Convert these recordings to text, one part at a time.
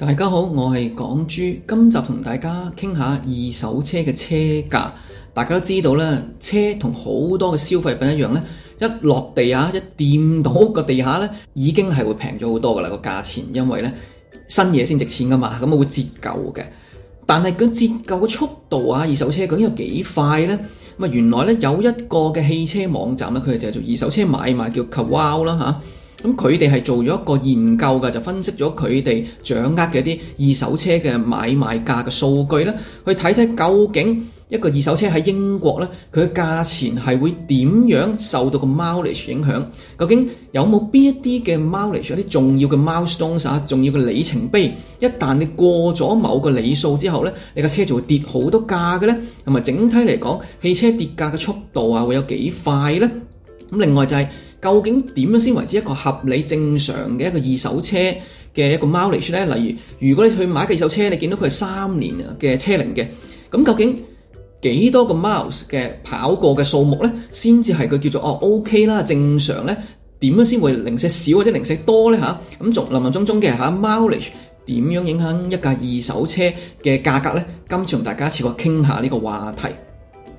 大家好，我係港豬，今集同大家傾下二手車嘅車價。大家都知道啦，車同好多嘅消費品一樣咧，一落地啊，一掂到個地下呢，已經係會平咗好多噶啦個價錢，因為呢，新嘢先值錢噶嘛，咁啊會折舊嘅。但係佢折舊嘅速度啊，二手車究竟有幾快呢？咁啊，原來呢，有一個嘅汽車網站呢，佢係就係做二手車買賣，叫 Carwow 啦吓。咁佢哋係做咗一個研究嘅，就分析咗佢哋掌握嘅啲二手車嘅買賣價嘅數據咧，去睇睇究竟一個二手車喺英國咧，佢嘅價錢係會點樣受到個 mileage 影響？究竟有冇邊一啲嘅 mileage 有啲重要嘅 milestones 重要嘅里程碑，一旦你過咗某個里數之後咧，你架車就會跌好多價嘅咧，同埋整體嚟講，汽車跌價嘅速度啊，會有幾快咧？咁另外就係、是。究竟點樣先為之一個合理正常嘅一個二手車嘅一個 mileage 咧？例如，如果你去買二手車，你見到佢係三年嘅車齡嘅，咁究竟幾多個 miles 嘅跑過嘅數目呢？先至係佢叫做哦 OK 啦，正常呢，點樣先會零舍少或者零舍多呢？嚇，咁仲林林總總嘅嚇 mileage 點樣影響一架二手車嘅價格呢？今次同大家試過傾下呢個話題。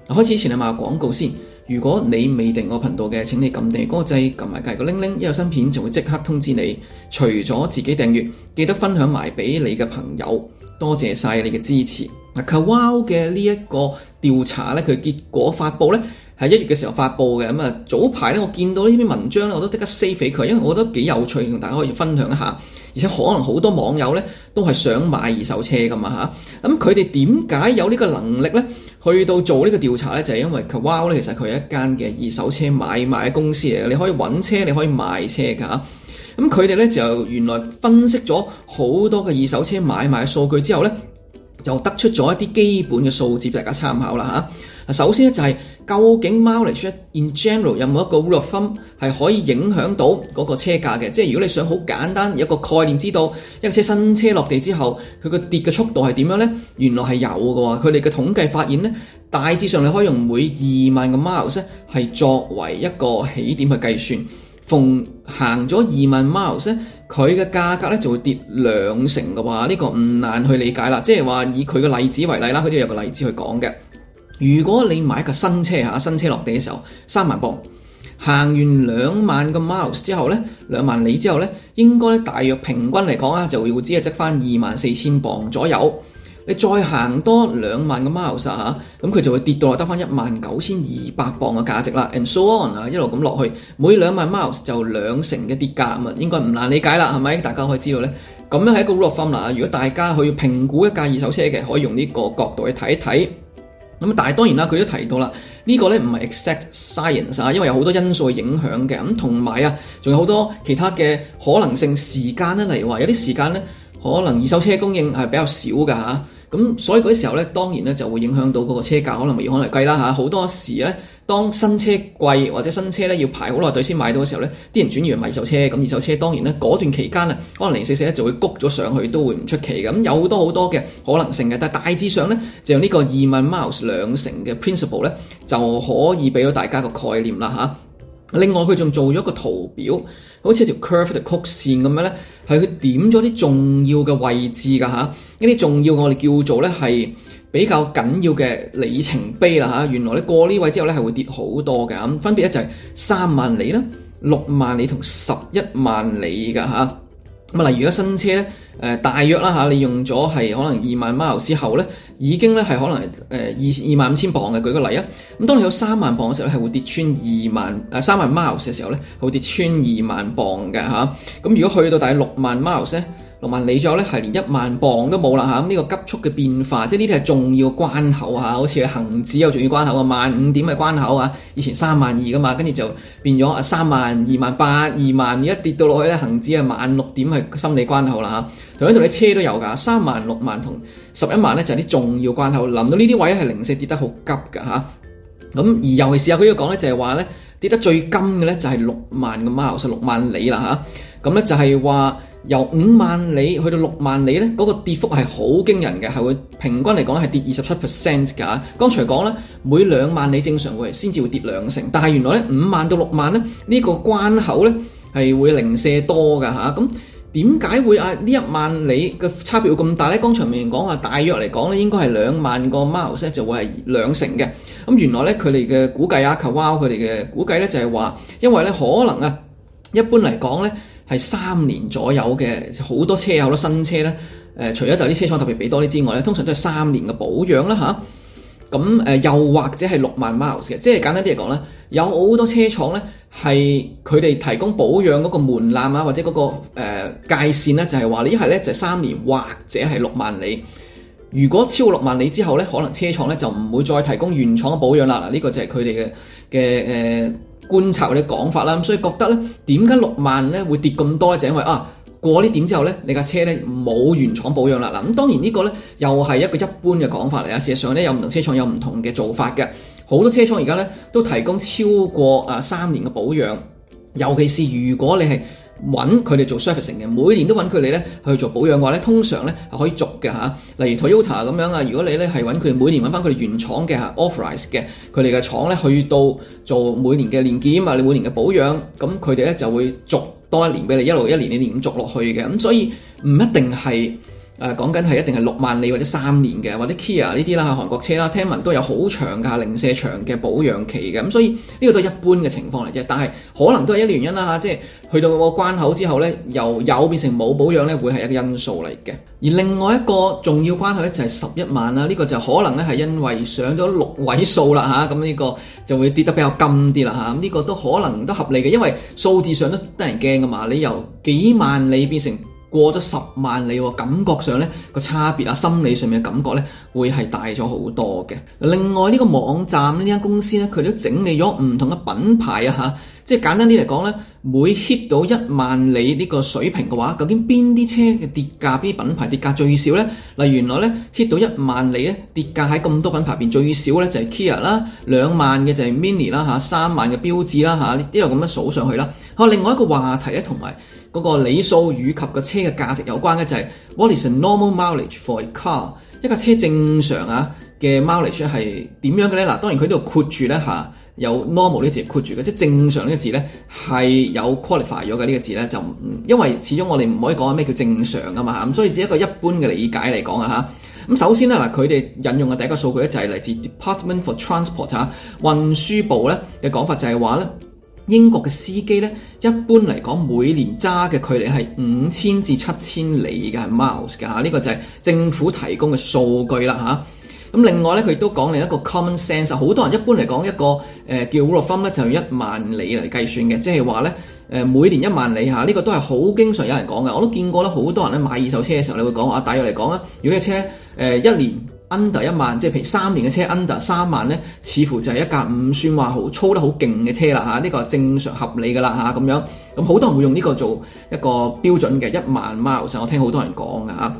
嗱，開始前你賣下廣告先。如果你未定我頻道嘅，請你撳定個掣，撳埋隔個鈴鈴，一有新片就會即刻通知你。除咗自己訂閱，記得分享埋俾你嘅朋友。多謝晒你嘅支持。那 Carwow 嘅呢一個調查咧，佢結果發布咧係一月嘅時候發布嘅。咁、嗯、啊，早排咧我見到呢篇文章咧，我都即刻 save 俾佢，因為我覺得幾有趣，同大家可以分享一下。而且可能好多網友咧都係想買二手車噶嘛吓，咁佢哋點解有呢個能力咧？去到做呢個調查呢，就係、係、因為 Carwow 其實佢係一間嘅二手車買賣公司嚟嘅，你可以揾車，你可以賣車㗎，咁佢哋呢，就原來分析咗好多嘅二手車買賣數據之後呢，就得出咗一啲基本嘅數字俾大家參考啦嚇、啊。首先呢、就係，就係。究竟 mileage in general 有冇一個 rule 分係可以影響到嗰個車價嘅？即係如果你想好簡單有一個概念，知道一個車新車落地之後佢個跌嘅速度係點樣呢？原來係有嘅喎。佢哋嘅統計發現咧，大致上你可以用每二萬嘅 m i l e a 係作為一個起點去計算，逢行咗二萬 mileage 佢嘅價格就會跌兩成嘅話，呢、這個唔難去理解啦。即係話以佢嘅例子為例啦，佢都有個例子去講嘅。如果你買一架新車嚇，新車落地嘅時候三萬磅，行完兩萬個 miles 之後呢，兩萬里之後呢，應該大約平均嚟講啊，就會只係積翻二萬四千磅左右。你再行多兩萬個 miles 嚇，咁佢就會跌到落得翻一萬九千二百磅嘅價值啦。And so on 啊，一路咁落去，每兩萬 miles 就兩成嘅跌價，咪應該唔難理解啦，係咪？大家可以知道呢，咁樣係一個落分啦。如果大家去評估一架二手車嘅，可以用呢個角度去睇一睇。但係當然啦，佢都提到啦，呢個咧唔係 exact science 啊，因為有好多因素的影響嘅。同埋啊，仲有好多其他嘅可能性時間呢。例如話有啲時間呢，可能二手車供應係比較少嘅嚇。咁所以嗰啲時候咧，當然咧就會影響到嗰個車價，可能咪可能嚟啦。好多時呢。當新車貴或者新車咧要排好耐隊先買到嘅時候咧，啲人轉移去買二手車，咁二手車當然呢，嗰段期間啊，可能零四四咧就會谷咗上去，都會唔出奇咁。有好多好多嘅可能性嘅，但大致上呢，就用呢個二萬 miles 兩成嘅 principle 呢，就可以俾到大家個概念啦嚇。另外佢仲做咗一個圖表，好似一條 curve 條曲線咁樣呢，係佢點咗啲重要嘅位置㗎嚇，呢啲重要我哋叫做呢係。比較緊要嘅里程碑啦嚇，原來咧過呢位之後咧係會跌好多嘅，分別一就係三萬里啦、六萬里同十一萬里噶嚇。咁啊，例如而家新車咧，誒、呃、大約啦嚇、啊，你用咗係可能二萬 mile 之後咧，已經咧係可能誒二二萬五千磅嘅。舉個例啊，咁當你有三萬磅嘅時候咧，係會跌穿二萬誒三萬 mile 嘅時候咧，會跌穿二萬磅嘅嚇。咁、啊、如果去到大概六萬 mile 咧。六萬里咗咧，係連一萬磅都冇啦嚇！咁、啊、呢、嗯這個急速嘅變化，即係呢啲係重要關口嚇、啊，好似係恆指有重要關口啊，萬五點嘅關口啊，以前三萬二噶嘛，跟住就變咗啊三萬二萬八、二萬，而家跌到落去咧，恆指係萬六點係心理關口啦嚇、啊。同樣同你車都有㗎，三萬六萬同十一萬咧就係、是、啲重要關口，臨到呢啲位係零舍跌得好急㗎嚇。咁、啊、而尤其是啊，佢要講咧就係話咧跌得最勁嘅咧就係六萬㗎嘛，即、就、係、是、六萬里啦嚇。咁、啊、咧就係、是、話。由五萬里去到六萬里呢，嗰個跌幅係好驚人嘅，係會平均嚟講係跌二十七 percent 㗎。剛才講呢，每兩萬里正常會先至會跌兩成，但係原來呢，五萬到六萬呢，呢個關口呢係會零舍多㗎吓，咁點解會啊？呢一萬里嘅差別會咁大呢？剛才明明講話，大約嚟講呢應該係兩萬個 miles 呢就會係兩成嘅。咁原來呢，佢哋嘅估計啊 carwow 佢哋嘅估計呢就係話，因為呢，可能啊，一般嚟講呢，係三年左右嘅，好多車有好多新車咧。誒、呃，除咗就啲車廠特別俾多啲之外咧，通常都係三年嘅保養啦，吓、啊，咁、嗯、誒、呃，又或者係六萬 mile 嘅，即係簡單啲嚟講咧，有好多車廠呢係佢哋提供保養嗰個門檻啊，或者嗰、那個、呃、界線呢，就係話你一係呢就係三年或者係六萬里。如果超過六萬里之後呢，可能車廠呢就唔會再提供原廠嘅保養啦。嗱、呃，呢、這個就係佢哋嘅嘅誒。觀察或者講法啦，所以覺得咧，點解六萬咧會跌咁多咧？就因為啊，過呢點之後咧，你架車咧冇原廠保養啦。嗱，咁當然呢個咧又係一個一般嘅講法嚟啊。事實上咧，有唔同車廠有唔同嘅做法嘅。好多車廠而家咧都提供超過啊三年嘅保養，尤其是如果你係。揾佢哋做 servicing 嘅，每年都揾佢哋咧去做保養嘅話咧，通常咧係可以續嘅嚇。例如 Toyota 咁樣啊，如果你咧係揾佢哋每年揾翻佢哋原廠嘅嚇 authorized 嘅佢哋嘅廠咧，廠去到做每年嘅年檢啊，你每年嘅保養，咁佢哋咧就會續多一年俾你，一路一年你連續落去嘅。咁、嗯、所以唔一定係。誒講緊係一定係六萬里或者三年嘅，或者 Kia 呢啲啦，韓國車啦，聽聞都有好長嘅零舍長嘅保養期嘅，咁、嗯、所以呢、這個都係一般嘅情況嚟啫。但係可能都係一啲原因啦吓、啊，即係去到個關口之後呢，由有變成冇保養呢，會係一個因素嚟嘅。而另外一個重要關口就係十一萬啦，呢、這個就可能呢，係因為上咗六位數啦吓，咁、啊、呢、這個就會跌得比較金啲啦吓，咁、啊、呢、這個都可能都合理嘅，因為數字上都得人驚噶嘛，你由幾萬里變成。過咗十萬里喎，感覺上呢個差別啊，心理上面嘅感覺呢會係大咗好多嘅。另外呢個網站呢間公司呢，佢都整理咗唔同嘅品牌啊，嚇，即係簡單啲嚟講呢，每 hit 到一萬里呢個水平嘅話，究竟邊啲車嘅跌價，邊品牌跌價最少呢？嗱、啊，原來呢 hit 到一萬里呢，跌價喺咁多品牌入邊最少呢，就係 Kia 啦，兩萬嘅就係 Mini 啦、啊、嚇，三萬嘅標緻啦嚇，一路咁樣數上去啦。好、啊，另外一個話題咧同埋嗰個里數與及個車嘅價值有關嘅就係 What is a normal mileage for a car，一架車正常啊嘅 mileage 係點樣嘅咧？嗱，當然佢呢度括住咧嚇，有 normal 呢個字括住嘅，即係正常呢個字咧係有 qualify 咗嘅呢個字咧就，唔，因為始終我哋唔可以講咩叫正常啊嘛嚇，咁所以只一個一般嘅理解嚟講啊吓，咁首先咧嗱，佢哋引用嘅第一個數據咧就係嚟自 Department for Transport 嚇，運輸部咧嘅講法就係話咧。英國嘅司機咧，一般嚟講每年揸嘅距離係五千至七千里嘅 miles 嘅嚇，呢、啊這個就係政府提供嘅數據啦嚇。咁、啊、另外咧，佢都講另一個 common sense，好、啊、多人一般嚟講一個誒、呃、叫 rough number 就用一萬里嚟計算嘅，即係話咧誒每年一萬里嚇，呢、啊這個都係好經常有人講嘅。我都見過啦，好多人咧買二手車嘅時候，你會講話、啊、大約嚟講咧，如果嘅車、呃、一年。Under 一萬，即係譬如三年嘅車 under 三萬呢，似乎就係一架唔算話好粗得好勁嘅車啦嚇，呢、呢個係正常合理㗎啦嚇咁樣，咁好多人都會用呢個做一個標準嘅一萬 miles，我聽好多人講㗎嚇，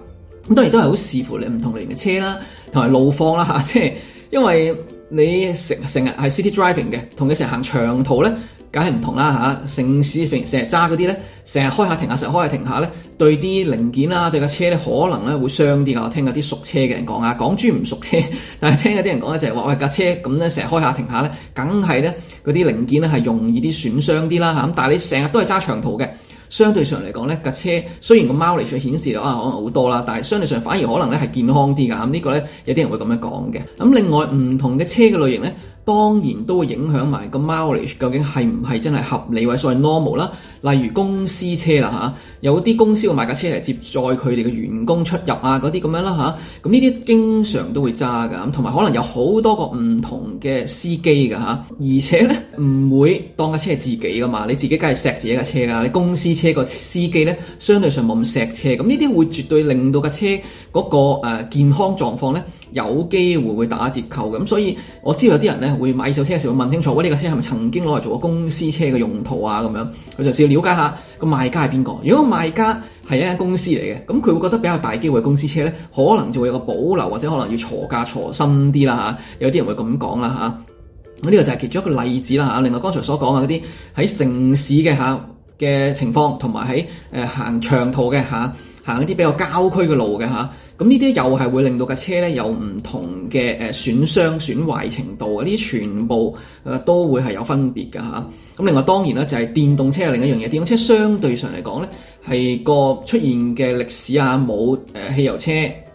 咁當然都係好視乎你唔同年嘅車啦，同埋路況啦嚇，即係因為你成成日係 city driving 嘅，同你成日行長途呢，梗係唔同啦嚇、啊，城市成日揸嗰啲咧，成日開下停下，成日開下停下咧，對啲零件啦，對架車咧，可能咧會傷啲噶。聽有啲熟車嘅人講啊，講港豬唔熟車，但係聽有啲人講咧就係、是、話，喂架車咁咧，成日開下停下咧，梗係咧嗰啲零件咧係容易啲損傷啲啦嚇。但係你成日都係揸長途嘅，相對上嚟講咧架車雖然個 mileage 顯示啊可能好多啦，但係相對上反而可能咧係健康啲㗎。咁呢個咧有啲人會咁樣講嘅。咁另外唔同嘅車嘅類型咧。當然都會影響埋個 mileage，究竟係唔係真係合理或者所謂 normal 啦？例如公司車啦嚇，有啲公司會買架車嚟接載佢哋嘅員工出入啊嗰啲咁樣啦嚇，咁呢啲經常都會揸噶，咁同埋可能有好多個唔同嘅司機嘅嚇，而且咧唔會當架車係自己噶嘛，你自己梗係錫自己架車㗎，你公司車個司機咧相對上冇咁錫車，咁呢啲會絕對令到架車嗰個誒健康狀況咧。有機會會打折扣嘅，咁所以我知道有啲人呢會買手車嘅時候會問清楚，喂，呢個車係咪曾經攞嚟做過公司車嘅用途啊？咁樣佢就係了解下個賣家係邊個。如果賣家係一間公司嚟嘅，咁佢會覺得比較大機會公司車呢，可能就會有個保留或者可能要鋤價鋤深啲啦嚇。有啲人會咁講啦嚇。咁呢個就係其中一個例子啦嚇，啊。另外剛才所講嘅嗰啲喺城市嘅嚇嘅情況，同埋喺誒行長途嘅嚇，啊，行一啲比較郊區嘅路嘅嚇。啊。咁呢啲又係會令到架車咧有唔同嘅誒損傷損壞程度，呢啲全部誒都會係有分別嘅嚇。咁另外當然啦，就係電動車係另一樣嘢，電動車相對上嚟講咧係個出現嘅歷史啊冇誒汽油車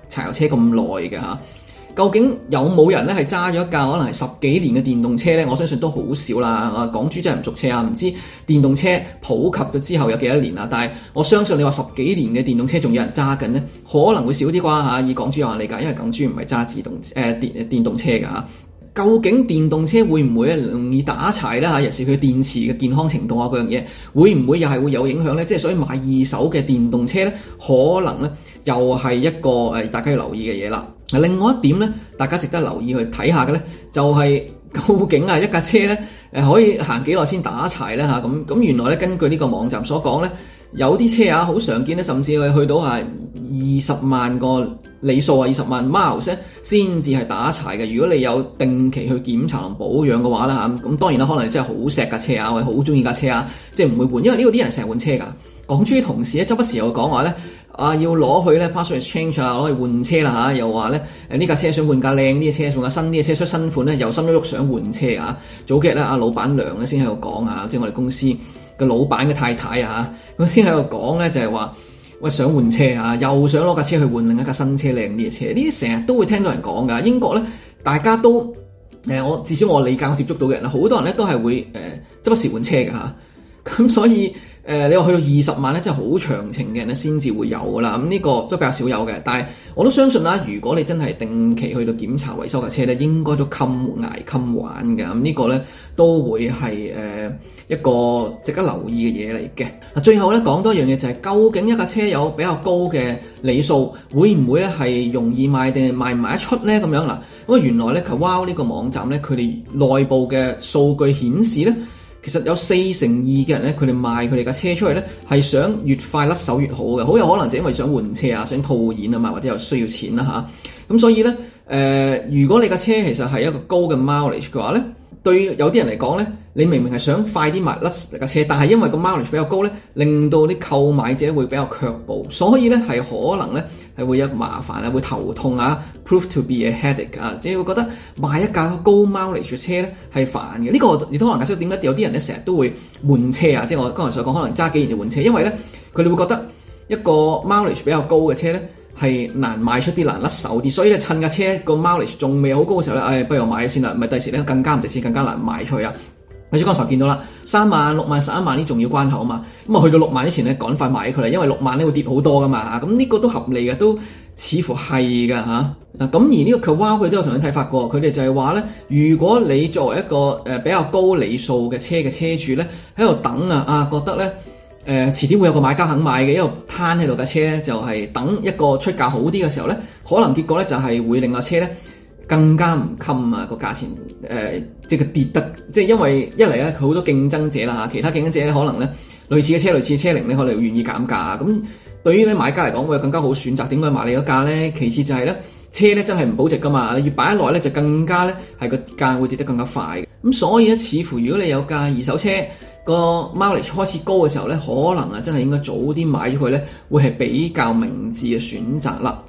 柴油車咁耐嘅嚇。究竟有冇人咧係揸咗一架可能係十幾年嘅電動車呢？我相信都好少啦。啊，港豬真係唔熟車啊！唔知電動車普及咗之後有幾多年啦？但係我相信你話十幾年嘅電動車仲有人揸緊呢，可能會少啲啩嚇。以港豬我理解，因為港豬唔係揸自動誒電、呃、電動車㗎嚇、啊。究竟電動車會唔會容易打柴呢？嚇、啊？尤其佢電池嘅健康程度啊嗰樣嘢，會唔會又係會有影響呢？即係所以買二手嘅電動車呢，可能咧。又係一個誒，大家要留意嘅嘢啦。另外一點呢，大家值得留意去睇下嘅呢，就係、是、究竟啊一架車呢，誒可以行幾耐先打柴呢？嚇咁咁。原來咧根據呢個網站所講呢，有啲車啊好常見咧，甚至去去到嚇二十萬個里數啊，二十萬 miles 咧先至係打柴嘅。如果你有定期去檢查同保養嘅話呢，嚇、啊，咁、啊、當然啦，可能真係好錫架車啊，或者好中意架車啊，即係唔會換，因為呢度啲人成日換車㗎。講出啲同事咧，周不時又講話呢。啊！要攞去咧 part exchange 啊，攞去換車啦嚇！又話咧，誒呢架車想換架靚啲嘅車，換架新啲嘅車，出新款咧，又心喐喐想換車啊！早幾日咧，阿老闆娘咧先喺度講啊，即係我哋公司嘅老闆嘅太太啊嚇，咁先喺度講咧，就係、是、話喂想換車啊，又想攞架車去換另一架新車靚啲嘅車。呢啲成日都會聽到人講噶，英國咧大家都誒，我、呃、至少我理解我接觸到嘅人啦，好多人咧都係會誒執不時換車嘅嚇，咁、啊啊、所以。誒、呃，你話去到二十萬咧，即係好長情嘅人咧，先至會有噶啦。咁、這、呢個都比較少有嘅。但係我都相信啦，如果你真係定期去到檢查維修架車咧，應該都襟挨襟玩嘅。咁、這個、呢個咧都會係誒、呃、一個值得留意嘅嘢嚟嘅。嗱，最後咧講多一樣嘢就係、是，究竟一架車有比較高嘅里數，會唔會咧係容易賣定係賣唔賣得出咧？咁樣嗱，咁啊原來咧，carwow 呢個網站咧，佢哋內部嘅數據顯示咧。其實有四成二嘅人咧，佢哋賣佢哋架車出嚟咧，係想越快甩手越好嘅，好有可能就因為想換車啊，想套現啊嘛，或者又需要錢啦、啊、吓，咁、啊、所以咧，誒、呃，如果你架車其實係一個高嘅 mileage 嘅話咧，對有啲人嚟講咧，你明明係想快啲賣甩架車，但係因為個 mileage 比較高咧，令到啲購買者會比較卻步，所以咧係可能咧。係會一麻煩啊，會頭痛啊，prove to be a headache 啊，即係會覺得買一架高 mileage 車咧係煩嘅。呢個亦都可能解釋點解有啲人咧成日都會換車啊，即係我剛才所講可能揸幾年就換車，因為咧佢哋會覺得一個 mileage 比較高嘅車咧係難賣出啲，難甩手啲，所以咧趁架車個 mileage 仲未好高嘅時候咧，唉、哎，不如我先買先啦，咪第時咧更加唔值錢，更加難賣出去啊！咁剛才見到啦，三萬、六萬、十一萬呢，重要關口啊嘛，咁啊去到六萬之前咧，趕快賣佢啦，因為六萬咧會跌好多噶嘛，咁、這、呢個都合理嘅，都似乎係嘅吓，啊咁而呢個 Carwow 佢都有同樣睇法過，佢哋就係話咧，如果你作為一個誒比較高里數嘅車嘅車主咧，喺度等啊啊，覺得咧誒遲啲會有個買家肯買嘅，一路攤喺度嘅車咧，就係、是、等一個出價好啲嘅時候咧，可能結果咧就係會令架車咧。更加唔襟啊個價錢，誒、呃、即係跌得，即係因為一嚟咧好多競爭者啦嚇，其他競爭者咧可能咧類似嘅車、類似嘅車齡，你可能會願意減價，咁對於啲買家嚟講，會有更加好選擇。點解買你嗰價咧？其次就係咧車咧真係唔保值噶嘛，你越擺得耐咧就更加咧係個價會跌得更加快。咁所以咧，似乎如果你有架二手車個 mileage 開始高嘅時候咧，可能啊真係應該早啲買咗佢咧，會係比較明智嘅選擇啦。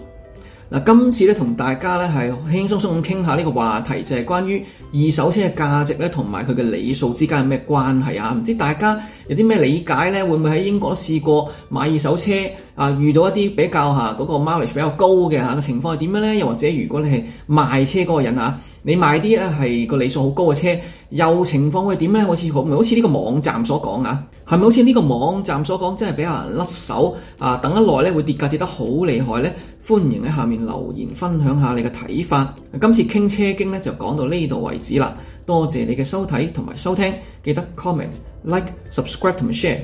嗱，今次咧同大家咧係輕輕鬆鬆咁傾下呢個話題，就係、是、關於二手車嘅價值咧同埋佢嘅里數之間有咩關係啊？唔知大家有啲咩理解咧？會唔會喺英國試過買二手車啊？遇到一啲比較嚇嗰、啊那個 mileage 比較高嘅嚇嘅情況係點樣咧？又或者如果你係賣車嗰個人啊，你賣啲啊係個里數好高嘅車，又情況會點咧？好似好唔好似呢個網站所講啊，係咪好似呢個網站所講真係俾人甩手啊？等得耐咧會跌價跌，跌得好厲害咧？歡迎喺下面留言分享下你嘅睇法。今次傾車經呢就講到呢度為止啦。多謝你嘅收睇同埋收聽，記得 comment、like、subscribe 同埋 share。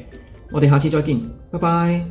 我哋下次再見，拜拜。